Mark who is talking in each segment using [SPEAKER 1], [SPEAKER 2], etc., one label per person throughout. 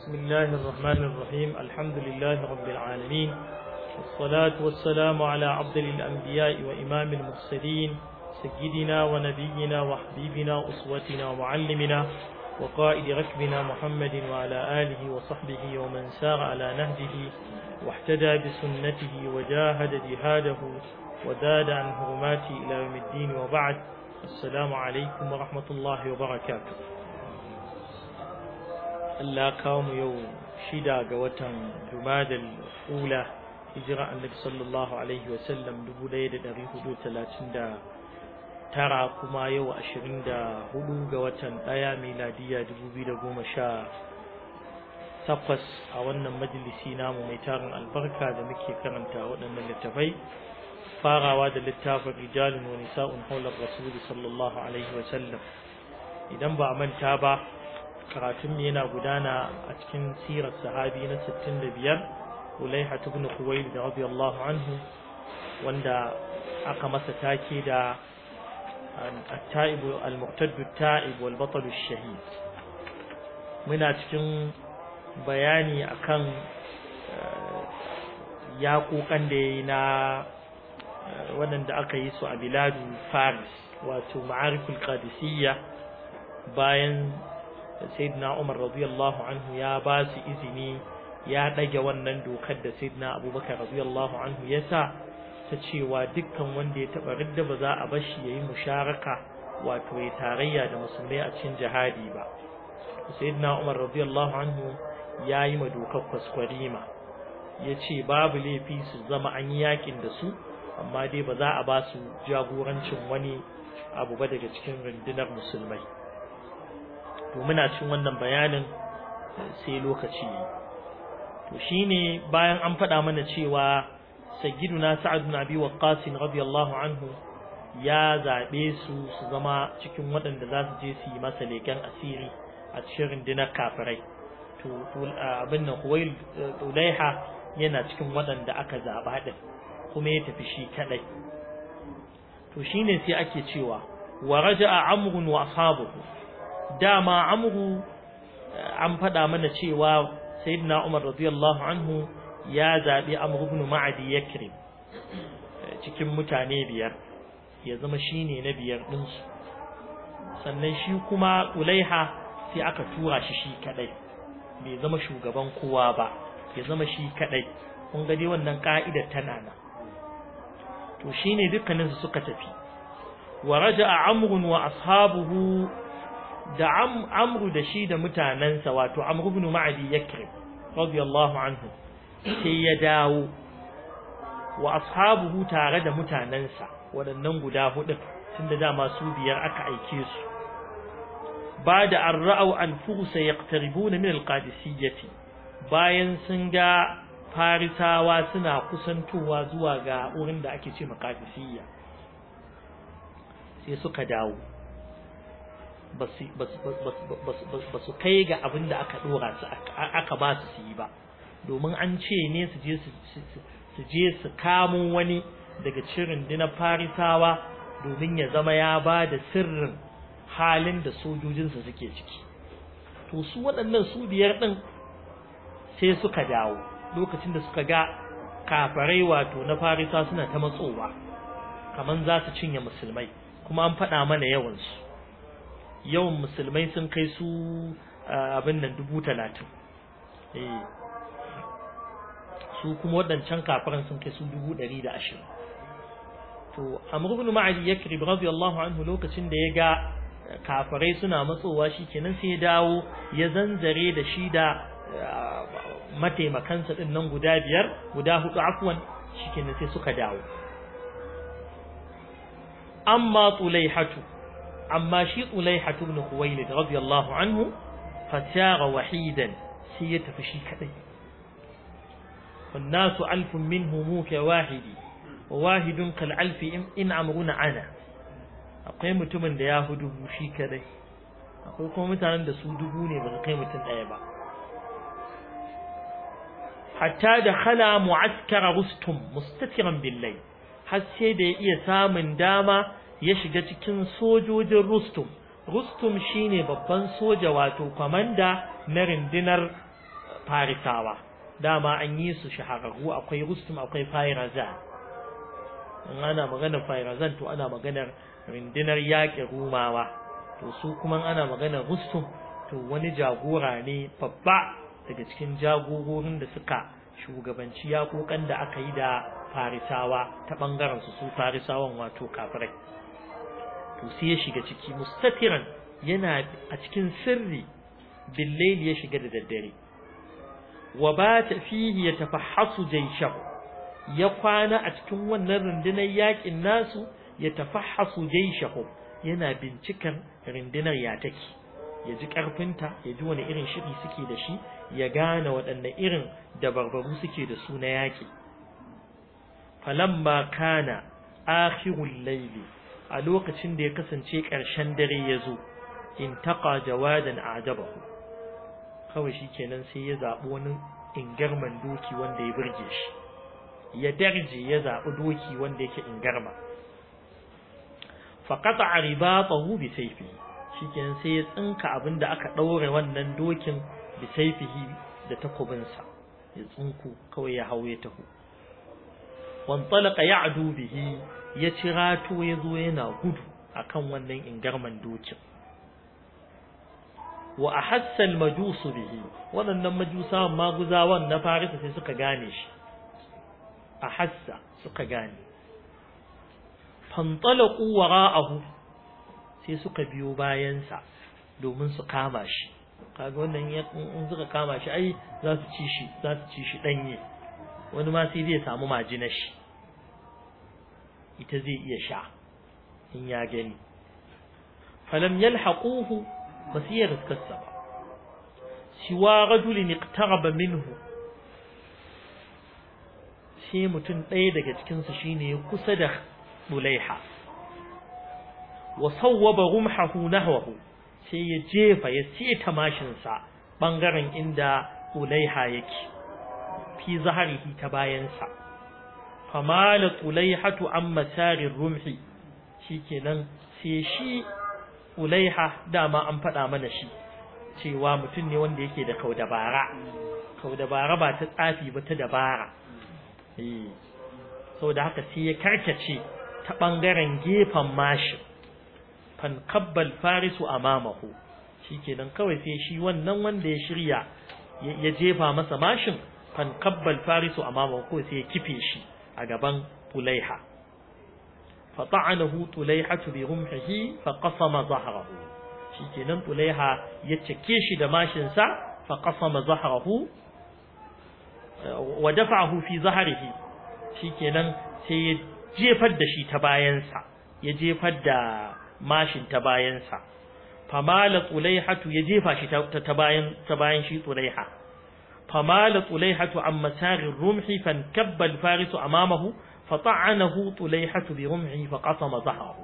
[SPEAKER 1] بسم الله الرحمن الرحيم الحمد لله رب العالمين والصلاة والسلام على عبد الأنبياء وإمام المرسلين سيدنا ونبينا وحبيبنا أسوتنا ومعلمنا وقائد ركبنا محمد وعلى آله وصحبه ومن سار على نهجه واحتدى بسنته وجاهد جهاده وزاد عن هرماته إلى يوم الدين وبعد السلام عليكم ورحمة الله وبركاته Allah kawo mu yau shida ga watan Jumadal Ula hijira Annabi sallallahu alaihi wa sallam 1439 kuma yau 24 ga watan daya miladiya 2018 a wannan majalisi namu mai tarin albarka da muke karanta waɗannan littafai farawa da littafin rijalun wani nisa'un haular rasuli sallallahu alaihi wa sallam idan ba a manta ba karatun mu yana gudana a cikin sirar sahabi na 65 ulaiha ibn da radiyallahu anhu wanda aka masa take da التائب المعتد al-batalu الشهيد muna cikin bayani akan eh, yaƙoƙan da ya na eh, waɗanda aka yi su a biladu faris wato ma'arikul qadisiyya bayan sayyidina Umar radiyallahu anhu ya ba su izini ya ɗage wannan dokar da sayyidina Abubakar radiyallahu anhu ya sa ta cewa dukkan wanda ya taɓa ridda ba za a bar shi yayi musharaka wato ya tarayya da musulmai a cikin jihadi ba sayyidina Umar radiyallahu anhu ya yi ma dokar kwaskwarima ya ce babu laifi su zama an yi yakin da su amma dai ba za a ba su jagorancin wani abu ba daga cikin rundunar musulmai to muna cikin wannan bayanin sai lokaci ne. to shine bayan an faɗa mana cewa sayyiduna sa'ad bin abi waqqas radiyallahu anhu ya zaɓe su su zama cikin waɗanda za su je su yi masa leken asiri a cikin rundunar kafirai to abin nan huwail eh, ulaiha yana cikin waɗanda aka zaba din kuma ya tafi shi kaɗai to shine sai ake cewa wa raja'a amrun wa ashabuhu dama amru eh, an faɗa mana cewa sayyidina Umar radiyallahu anhu ya zaɓi amru ibn ma'adi yakrim eh, cikin mutane biyar ya zama shine na biyar din sannan shi kuma ulaiha sai aka tura shi shi kadai bai zama shugaban kowa ba ya zama shi kadai kun ga dai wannan ka'idar tana nan to shine dukkanin su suka tafi wa raja'a amrun wa ashabuhu da amru da shi da mutanensa wato amru ibn ma'adi yakri radiyallahu anhu sai ya dawo wa ashabuhu tare da mutanensa waɗannan guda hudu tunda dama su biyar aka aike su ba da an ra'au an fusa yaqtaribuna min alqadisiyyati bayan sun ga farisawa suna kusantowa zuwa ga wurin da ake ce maqadisiyya sai suka dawo ba su kai ga abin da aka dora su aka ba su yi ba domin an ce ne su je su je kamo wani daga cirin dina farisawa domin ya zama ya ba da sirrin halin da sojojinsa suke ciki to su waɗannan su biyar ɗin sai suka dawo lokacin da suka ga kafarai wato na farisa suna ta matsowa kamar za su cinye musulmai kuma an faɗa mana yawansu yawan musulmai sun kai su abin nan dubu talatin eh. su kuma waɗancan kafiran sun kai su dubu ɗari da ashirin to amr ibn ya yakrib radiyallahu anhu lokacin da ya ga kafarai suna matsowa shi sai ya dawo ya zanzare da shi da mataimakansa din nan guda biyar guda hudu afwan shi sai suka dawo amma tulaihatu amma shi Ulaiha ibn Khuwailid radiyallahu anhu fasara wahidan sai ya tafi shi kadai والناس ألف منهم wahidun وواحد كالألف إن أمرنا ana. akwai mutumin da ya fi dubu shi kadai akwai kuma mutanen da su dubu ne ba kai mutum daya ba hatta da khala mu'askara rustum mustatiran billahi har sai da ya iya samun dama ya shiga cikin sojojin Rustum Rustum shine babban soja wato kwamanda na rindinar Farisawa dama an yi su shahararru akwai Rustum akwai firazan in ana maganar firazan to ana maganar rindinar yaƙi Rumawa to su kuma ana maganar Rustum to wani jagora ne babba daga cikin jagororin da suka shugabanci kokan da aka yi da Farisawa ta bangaren su su Farisawan wato kafirai to sai ya shiga ciki mustatiran yana a cikin sirri billayl ya shiga da daddare wa bata fihi yatafahhasu jayshahu ya kwana a cikin wannan rundunar yakin nasu ya tafahhasu jayshahu yana bincikan rundunar ya take ya ji karfinta ya ji wani irin shiri suke da shi ya gane waɗanne irin dabarbaru suke da su na yaƙi falamma kana akhirul layli a lokacin da ya kasance ƙarshen dare ya zo in taƙa jawadan ajabahu kawai shi kenan sai ya zaɓi wani ingarman doki wanda ya birge shi ya darje ya zaɓi doki wanda yake ingarma faƙata a riba tsahu bi saifi shi kenan sai ya tsinka abin da aka ɗaure wannan dokin bi saifi da takobinsa ya tsinku kawai ya hau ya taho wantalaka ya bihi ya ci rato ya zo yana gudu akan wannan ingarman dokin wa ahassa Hassan majusu bihi waɗannan majusawan maguzawan na farisa sai suka gane shi ahassa suka gane fantalaqu wara'ahu sai suka biyo bayansa domin su kama shi kaga wannan in suka kama shi ai za su ci shi za su ci shi danye wani ma sai zai samu majinar shi ita zai iya sha in ya gani falam yalhaquhu basiyar kassa ba siwa rajulin ba minhu sai mutum ɗaya daga cikinsu shine ya kusa da bulaiha wa sawwaba rumhahu nahwahu sai ya jefa ya seta mashinsa ɓangaren inda ulaiha yake fi zaharihi ta bayansa famala tulaihatu an masarin rumhi kenan sai shi ulaiha dama an faɗa mana shi cewa mutum ne wanda yake da kau dabara kau dabara ba ta tsafi ba ta dabara eh, da haka sai ya karkace ta ɓangaren gefen mashi kabbal farisu amamahu kenan kawai sai shi wannan wanda ya shirya ya jefa masa mashin fankabbal farisu amamahu sai ya kife shi a gaban tulaiha fata'anahu tulaihatu bi rumhihi fa qasama zahrahu shikenan tulaiha ya cike shi da mashin sa fa qasama zahrahu wa dafa'ahu fi zahrihi shikenan sai ya jefar da shi ta bayansa ya jefar da mashin ta bayansa famala tsulaiha ya jefa shi ta bayan shi tulaiha. فمال طليحة عن مسار الرمح فانكب الفارس أمامه فطعنه طليحة برمحه فقطم ظهره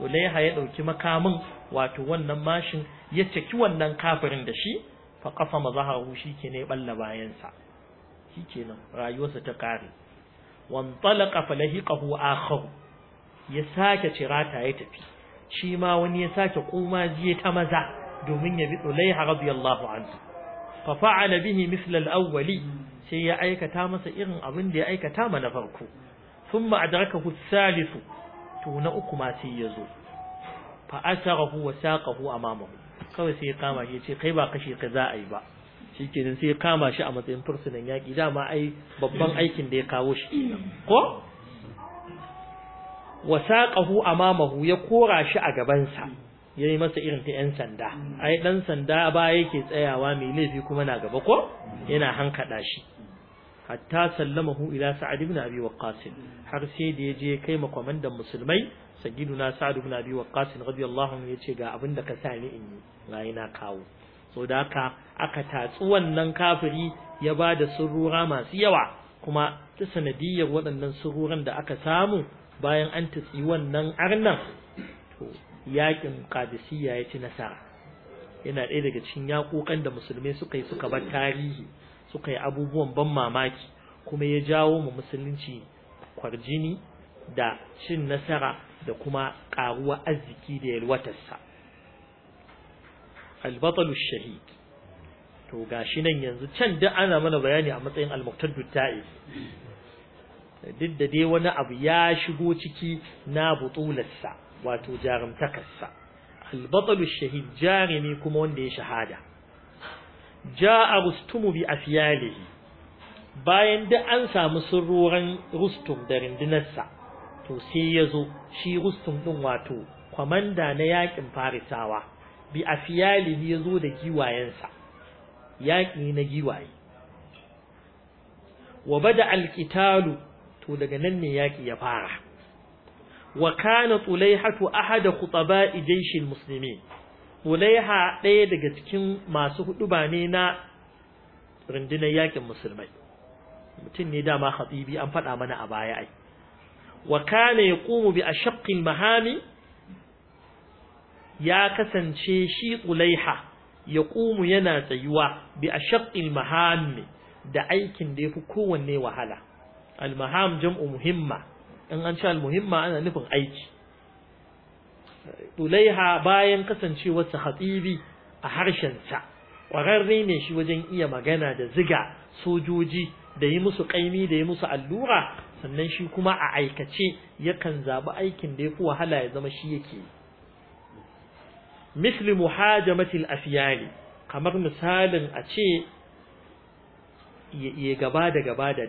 [SPEAKER 1] طليحة يدوك مكام واتوانا ماشن يتكوانا كافر دشي فقطم ظهره شيكين يبل باينسا شيكين رايوسة تقاري وانطلق فلهقه آخر يساك تراتا يتفي شيما وني يساك قوما زيت مزا دومين يبي طليحة رضي الله عنه fa fa'ala bihi misla al-awwali sai ya aikata masa irin abin da ya aikata ma na farko thumma adrakahu ath-thalithu to na uku ma sai ya zo fa asarahu wa saqahu amamahu kawai sai ya kama shi ce kai ba kashe ka za a yi ba shikenan sai ya kama shi a matsayin fursunan yaki dama ai babban aikin da ya kawo shi kenan ko wa saqahu amamahu ya kora shi a gaban sa ya yi masa irin ta 'yan sanda ai ɗan sanda ba yake tsayawa mai laifi kuma na gaba ko yana hankada shi hatta hu ila sa'ad ibn abi har sai da ya je kai ma musulmai, musulmai na sa'ad ibn abi rabi radiyallahu ya ce, ga abin da ka sami in yi rayi na kawo so da aka aka tatsu wannan kafiri ya ba da surura masu yawa kuma ta sanadiyar waɗannan sururan da aka samu bayan an tatsi wannan arnan yakin qadisiyya ya ci nasara yana ɗaya daga cikin yaƙoƙan da musulmai suka yi suka bar tarihi suka yi abubuwan ban mamaki kuma ya jawo mu musulunci kwarjini da cin nasara da kuma ƙaruwa arziki da yalwatarsa albatalu shahid to gashi nan yanzu can duk ana mana bayani a matsayin almuktaddu ta'i duk da dai wani abu ya shigo ciki na butulassa. wato jarumtakarsa albatalu shahid jarumi kuma wanda ya shahada Ja a rustumu bi afyalihi bayan da an samu surruran rustum da rindinarsa to sai ya zo shi rustum ɗin wato kwamanda na yakin farisawa bi afyalihi ya zo da giwayensa yaƙi na giwaye wa bada alkitalu to daga nan ne yaƙi ya fara wa kana tulaihatu ahada khutaba'i jaishil muslimin Tsulaiha ɗaya daga cikin masu hudu ba ne na rundunar yakin musulmai mutum ne dama khatibi an faɗa mana a baya ai wa kana yaqumu bi ashaqqil mahami ya kasance shi Tsulaiha, yaqumu yana tsayuwa bi ashaqqil mahami da aikin da yafi kowanne wahala al maham jam'u muhimma in an ce almuhimma ana nufin aiki Tulaiha bayan kasancewarsa hatsibi a harshensa ƙwararre ne shi wajen iya magana da ziga sojoji da yi musu ƙaimi da yi musu allura sannan shi kuma a aikace yakan zaɓi aikin da ya fi wahala ya zama shi yake misli muhajamatil asiyari kamar misalin a ce ya gaba da gaba da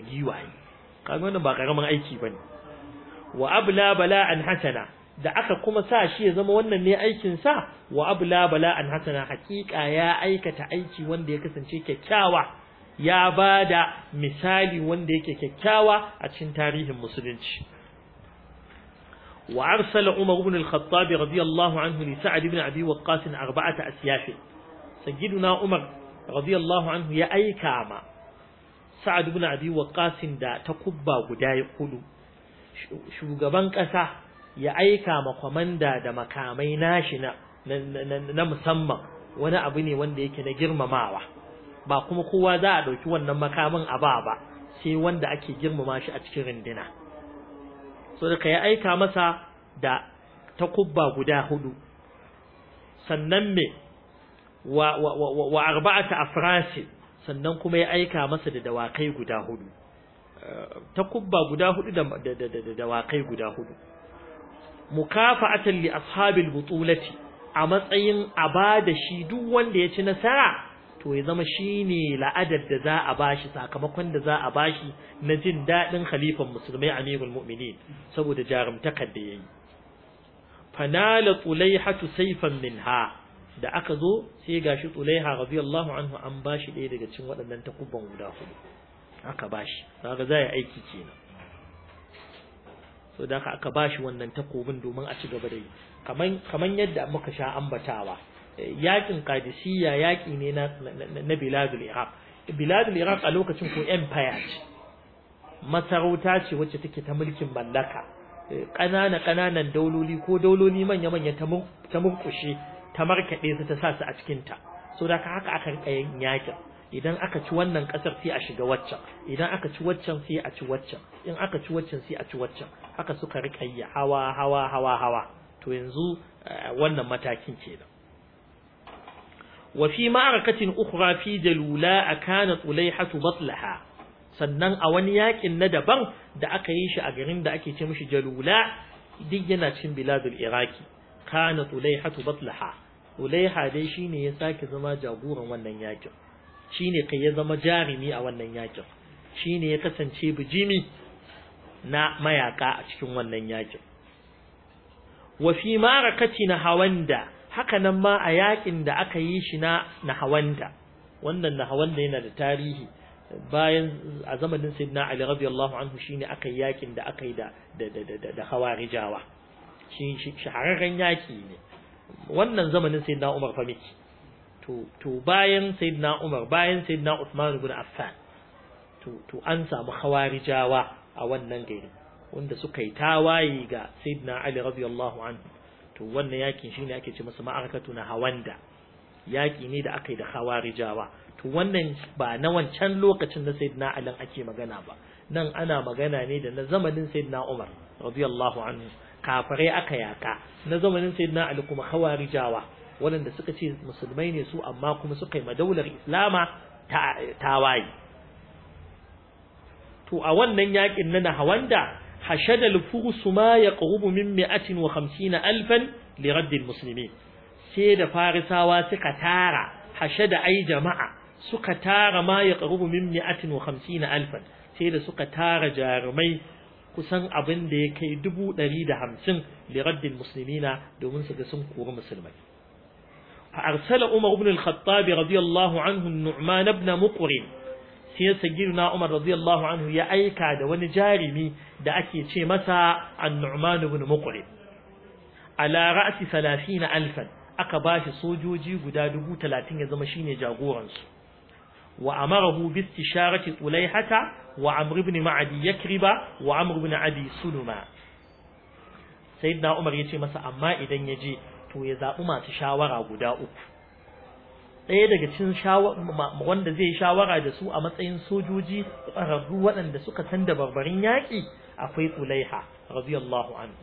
[SPEAKER 1] giwaye kaga wannan ba karaman aiki bane wa abla bala an hasana da aka kuma sa shi ya zama wannan ne aikin sa wa abla bala an hasana hakika ya aikata aiki wanda ya kasance kyakkyawa ya bada misali wanda yake kyakkyawa a cikin tarihin musulunci وأرسل عمر بن الخطاب رضي الله عنه لسعد بن أبي وقاص أربعة أسياف سيدنا Umar radiyallahu anhu ya aika ma. sa'ad ibn abi da ta kubba guda ya kulu shugaban ƙasa ya aika ma kwamanda da makamai nashi na na musamman wani abu ne wanda yake na girmamawa ba kuma kowa za a ɗauki wannan makamin a ba ba sai wanda ake girmama shi a cikin rindina so da ya aika masa da ta kubba guda hudu sannan me wa wa wa, wa afrasi sannan kuma ya aika masa da dawakai guda hudu Ta kubba guda hudu da dawakai guda hudu mukafa'atan li ashabil butulati a matsayin abada shi duk wanda ya ci nasara to ya zama shine la'adar da za a bashi sakamakon da za a bashi na jin dadin khalifan musulmai amirul mu'minin saboda jarumtakar da yayi fanala tulaihatu sayfan minha da aka zo sai ga gashi Tsulaiha radiyallahu anhu an bashi ɗaya daga cikin waɗannan takubban guda hudu aka bashi kaga zai aiki kenan so da aka bashi wannan takobin domin a ci gaba da yi kaman kaman yadda muka sha ambatawa yakin Qadisiyya yaki ne na na biladul Iraq biladul Iraq a lokacin ko empire ce masarauta ce wacce take ta mulkin mallaka eh, ƙanana ƙananan dauloli ko dauloli manya-manya ta murƙushe ta markaɗe su ta sa su a cikinta so da haka aka rika yin yakin idan aka ci wannan kasar sai a shiga waccan idan aka ci waccan sai a ci waccan in aka ci waccan sai a ci waccan haka suka rika yi hawa hawa hawa hawa to yanzu eh, wannan matakin kenan wa fi ma'arakatin ukhra fi jalula kana tulaihatu batlaha sannan a wani yakin na daban da aka yi shi a garin da ake ce mishi jalula duk yana cin biladul iraki kana tulaihatu batlaha tulaiha dai shine ya sake zama jagoran wannan yakin shine kai ya zama jarimi a wannan yakin shine ya kasance bijimi na mayaka a cikin wannan yakin wa fi marakati na hawanda haka nan ma a yakin da aka yi shi na na hawanda wannan na hawanda yana da tarihi bayan a zamanin sayyidina ali radiyallahu anhu shine aka yi yakin da aka yi da da da da hawarijawa shahararren yaki ne wannan zamanin sayyidina Umar fa miki to to bayan sayyidina Umar bayan sayyidina Uthman ibn Affan to to an samu khawarijawa a wannan gari wanda suka yi tawaye ga sayyidina Ali radiyallahu anhu to wannan yakin shine ake ce masa ma'arakatu na hawanda yaki ne da aka yi da khawarijawa to wannan ba na wancan lokacin na sayyidina Ali ake magana ba nan ana magana ne da na zamanin sayyidina Umar radiyallahu anhu Kafarai aka yaka na zamanin na ali kuma jawa waɗanda suka ce musulmai ne su amma kuma suka yi madaular islama tawaye to a wannan yakin na nahawanda hashada al-fursu ma yaqrubu min 150 wa li radd al-muslimin sai da farisawa suka tara hashada ai jama'a suka tara ma yaqrubu min 150 alfan sai da suka tara jarumai kusan abin da ya kai dubu ɗari da hamsin liraddin musulmina domin su ga sun kori musulmai A عمر Umar الخطاب رضي الله عنه النعمان بن مقرن sai sagirna Umar radiyallahu anhu ya aika da wani jarimi da ake ce masa An-Nu'man ibn Muqrib ala ra'si Alfan aka bashi sojoji guda 30 ya zama shine jagoran su wa amarahu bi istisharati Tulaihata wa amr ibn ma'adi yakriba wa amr ibn adi suluma sayyidina umar yace masa amma idan yaje to ya zabi masu shawara guda uku ɗaya daga cikin wanda zai shawara da su a matsayin sojoji rabu waɗanda suka san da barbarin yaƙi akwai Tsulaiha radiyallahu anhu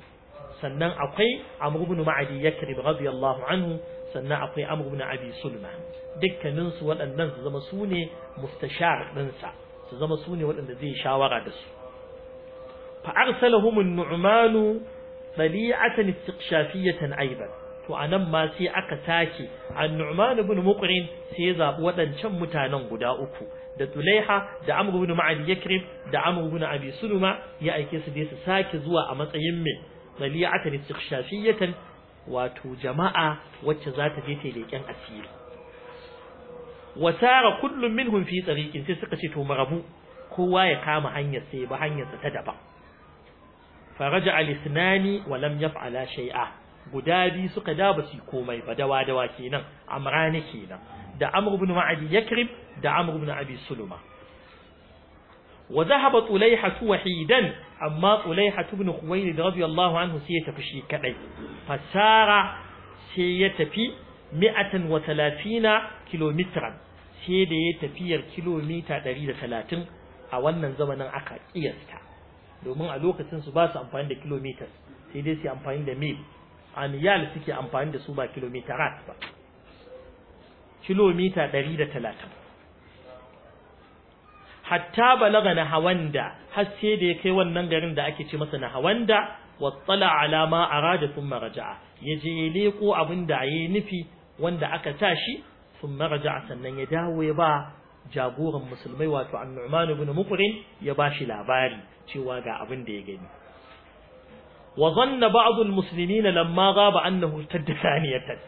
[SPEAKER 1] sannan akwai Amr ibn Ma'adi Yakrib radiyallahu anhu sannan akwai Amr ibn Abi suluma. dukkanin su waɗannan su zama sune ne mustashar ɗinsa su zama su ne waɗanda zai shawara da su fa arsalahum an-nu'man tali'atan istiqshafiyatan aidan to anan ma sai aka take an-nu'man ibn muqrin sai ya zabi waɗancan mutanen guda uku da Tulaiha da Amr ibn Ma'ad Yakrib da Amr ibn Abi Sulma ya aike su dai su sake zuwa a matsayin mai tali'atan istiqshafiyatan wato jama'a wacce za ta je ta asiri wasara kullum minhum fi tsarikin sai suka ce to marabu kowa ya kama hanyar sai ba hanyar ta daba faraja al-ithnani wa lam yaf'ala shay'a guda bi suka da ba su komai ba dawa dawa kenan amrani kenan da amr ibn ma'adi yakrib da amr ibn abi sulma wa dhahaba tulayha wahidan amma tulayha ibn khuwaylid radiyallahu anhu sai ya tafi shi kadai fasara sai ya tafi 130 kilometran ke da ya tafiyar kilomita 130 a wannan zamanin aka kiyasta domin a lokacin su ba su amfani da kilometers sai dai su amfani da mil niyal suke amfani da su ba rat ba kilomita 130 hatta balaga na hawanda har sai da ya kai wannan garin da ake ce masa na hawanda wattala ala ma arada thumma raja'a yaje ya leko abinda ayi nufi wanda aka tashi sun maraja sannan ya dawo ya ba jagoran musulmai wato annu'manu bin mukrin ya ba shi labari cewa ga abin da ya gani wa zanna ba'd al-muslimin lamma ghaba annahu tadda thaniyatan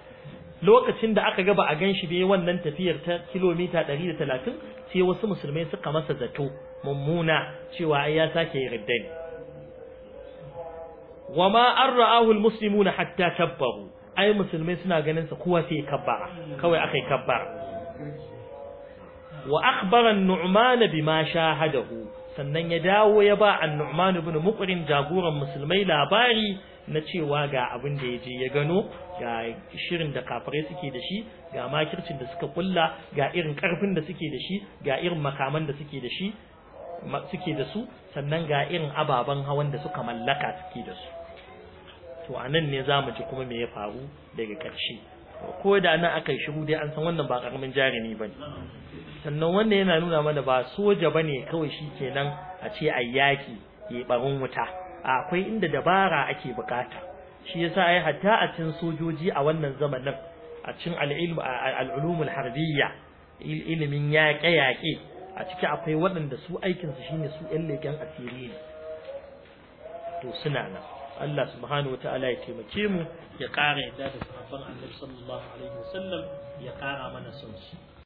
[SPEAKER 1] lokacin da aka ga ba a ganshi bai wannan tafiyar ta kilomita 130 sai wasu musulmai suka masa zato mummuna cewa ai ya sake riddani wa ma an ra'ahu al na hatta tabbahu ai musulmai suna ganin sa kowa sai kabbara kawai akai kabbara wa akhbara an-nu'man bima shahadahu sannan ya dawo ya ba an-nu'man ibn muqrin jagoran musulmai labari na cewa ga abin da yaje ya gano ga shirin da kafirai suke da shi ga makircin da suka kulla ga irin karfin da suke da shi ga irin makaman da suke da shi suke da su sannan ga irin ababen hawan da suka mallaka suke da su to anan ne za mu ji kuma me ya faru daga ƙarshe ko da nan aka yi shiru dai an san wannan ba karamin jarumi ba sannan wannan yana nuna mana ba soja bane kawai shi kenan a ce a yaƙi ya wuta akwai inda dabara ake bukata shi yasa ai hatta a cin sojoji a wannan zamanin a cin al'ilm al'ulumul harbiyya ilimin yaƙe-yaƙe a ciki akwai waɗanda su aikinsu shine su 'yan leken asiri ne to suna nan Allah subhanahu wataala ya taimake mu ya ƙara yadda da sahabban Annabi sallallahu alaihi wasallam ya ƙara mana son su